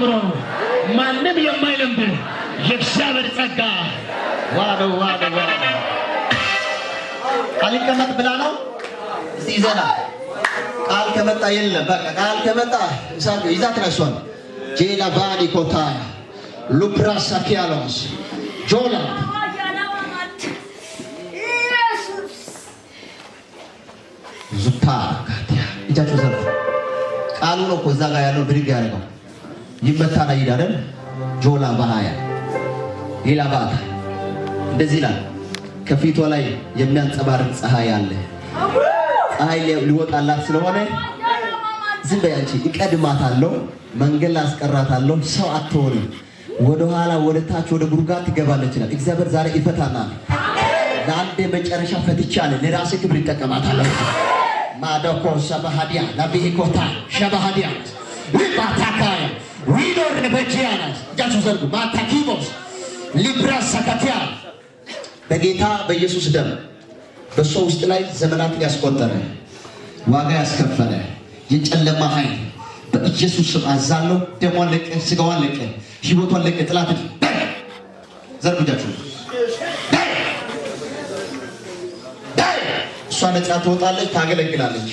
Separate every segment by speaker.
Speaker 1: ጀምሮ ማንም የማይለምድ የእግዚአብሔር ጸጋ ዋው ዋው ዋው አልቀመጥ ብላ ነው እዚ ይዘና ቃል ከመጣ የለም በቃ ቃል ከመጣ ይዛት ይዛ ትነሷል። ጄላ ባኒ ኮታ ሉፕራሳ ኪያሎስ ጆላ ዙታ ቃሉ ነው እኮ እዛ ጋር ያለው ብድግ ያደርገው ይመታና ይዳረል ጆላ ባሃያ ሌላ ባታ እንደዚህ ይላል። ከፊቷ ላይ የሚያንጸባርቅ ፀሐይ አለ። ፀሐይ ሊወጣላት ስለሆነ ዝም በይ አንቺ፣ እቀድማታለሁ፣ መንገድ ላይ አስቀራታለሁ፣ ሰው አትሆንም። ወደኋላ ወደ ታች ወደ ጉድጓድ ትገባለች ይላል። እግዚአብሔር ዛሬ ይፈታናል። ለአንዴ መጨረሻ አለ። ለራሴ ክብር ይጠቀማታለሁ። ማደኮ ሸባሃዲያ ናብሄኮታ ሸባሃዲያ ባታካያ ዊዶርን በእጅህ ያላት በጌታ በኢየሱስ ደም በእሷ ውስጥ ላይ ዘመናትን ያስቆጠረ ዋጋ ያስከፈለ የጨለማ ኃይል በኢየሱስ ስም አዛለው። ደሟን ለቀ፣ ስጋዋን ለቀ፣ ህይወቷን ለቀ። ጥላት ዘርጉ እሷ ነጻ ትወጣለች፣ ታገለግላለች።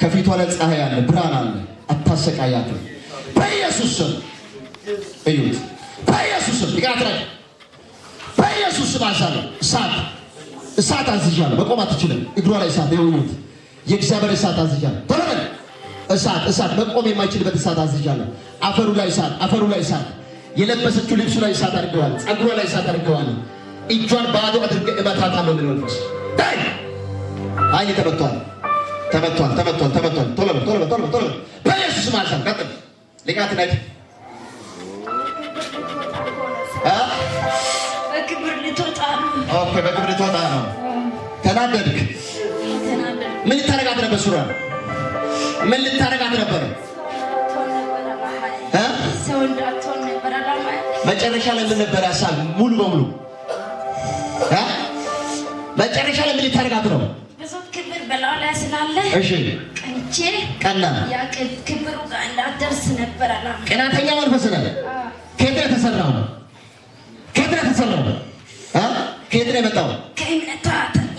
Speaker 1: ከፊቷ ላይ ፀሐይ አለ፣ ብርሃን አለ። አታሰቃያቸው። በኢየሱስ ስም እዩት። በኢየሱስ ስም ይቃትረ በኢየሱስ ስም አዛለሁ። እሳት እሳት አዝዣለሁ። መቆም አትችልም። እግሯ ላይ እሳት ይሁኑት። የእግዚአብሔር እሳት አዝዣለሁ። በረበል እሳት እሳት መቆም የማይችልበት እሳት አዝዣለሁ። አፈሩ ላይ እሳት አፈሩ ላይ እሳት የለበሰችው ልብሱ ላይ እሳት አድርገዋል። ጸጉሯ ላይ እሳት አድርገዋል። እጇን ባዶ አድርገ እመታታለሁ። ምን መንፈስ ዳይ አይን ተበቷል ተመቷል፣ ተመቷል፣ ተመቷል። ቶሎ በል ቶሎ በል ቶሎ በል ቶሎ በል በኢየሱስ ማሻል ቀጥል። ሊቃት ነጭ
Speaker 2: በክብር ልትወጣ
Speaker 1: ኦኬ፣ በክብር ልትወጣ ነው። ተናደድክ። ምን ልታረጋት ነበር? ሱራ ምን ልታረጋት ነበር? መጨረሻ ላይ ምን ነበር ሀሳብ? ሙሉ በሙሉ መጨረሻ ላይ ምን ልታረጋት ነው?
Speaker 2: በላው ላይ ስላለ እሺ፣ ቀንቼ ቀና ያ ክብሩ ጋር እንዳትደርስ ነበር አላ
Speaker 1: ቀናተኛ መንፈስ ነው። ከየት ነው የተሰራው? ከየት ነው የተሰራው? አ ከየት ነው የመጣው?
Speaker 2: ከእምነቷ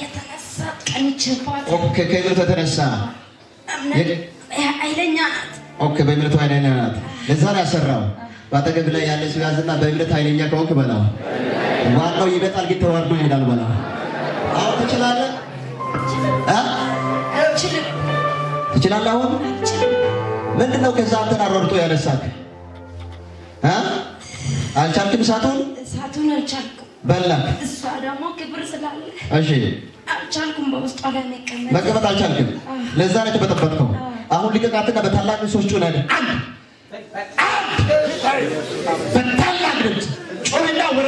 Speaker 2: የተነሳ ቀንቼ ባት
Speaker 1: ኦኬ፣ ከእምነቷ የተነሳ ኃይለኛ ናት። ኦኬ፣ በእምነቷ ኃይለኛ ናት። ለዛ ነው ያሰራው። በአጠገብ ላይ ያለ ሰው ያዝና በእምነት ኃይለኛ ከሆንክ በላው። ዋናው ይመጣል፣ ግን ተዋርዶ ይሄዳል። በላው። አሁን ትችላለህ ትችላለህ። አሁን ምንድን ነው ከዛ አንተን አሯርጦ ያነሳክ? አልቻልክም። እሳቱን
Speaker 2: እሳቱን አልቻልኩም። በላክ። እሷ ደግሞ ክብር ስላለ እሺ፣ አልቻልኩም። በውስጧ ላይ መቀመጥ
Speaker 1: መቀመጥ አልቻልክም። ለዛ ነው የተበጠበጥከው። አሁን ልቀቃትና በታላቅ ሰዎች ጮና አንድ አንድ በታላቅ ድምፅ ጮና ወደ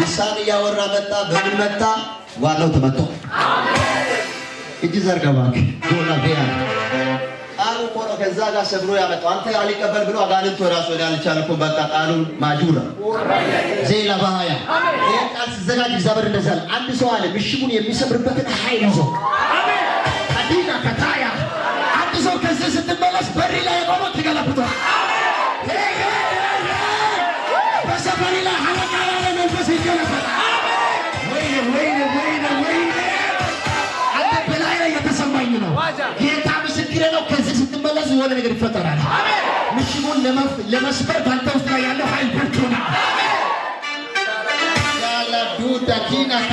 Speaker 1: ልሳን እያወራ መጣ። በምን መጣ? ዋናው ተመቶ እጅ ዘርገባ ዶላ ቢያ ቃሉ እኮ ነው። ከዛ ጋር ሰብሮ ያመጣው አንተ አልቀበል ብሎ አጋንንት ራሱ ወደ አልቻልኩም በቃ ቃሉ ማጁራ ዜላ ባህያ ይህን ቃል ሲዘጋጅ እግዚአብሔር እንደዛ አንድ ሰው አለ ምሽጉን የሚሰብርበትን ኃይል ይዞ አዲና ከታያ አንድ ሰው ከዚህ ስትመለስ በሪ ላይ ቆሞ ትገለብቷል። የሆነ ነገር ይፈጠራል። አሜን። ምሽጉን ለመስበር ባንተ ውስጥ ላይ ያለው ኃይል ብርቱ ነው። አሜን።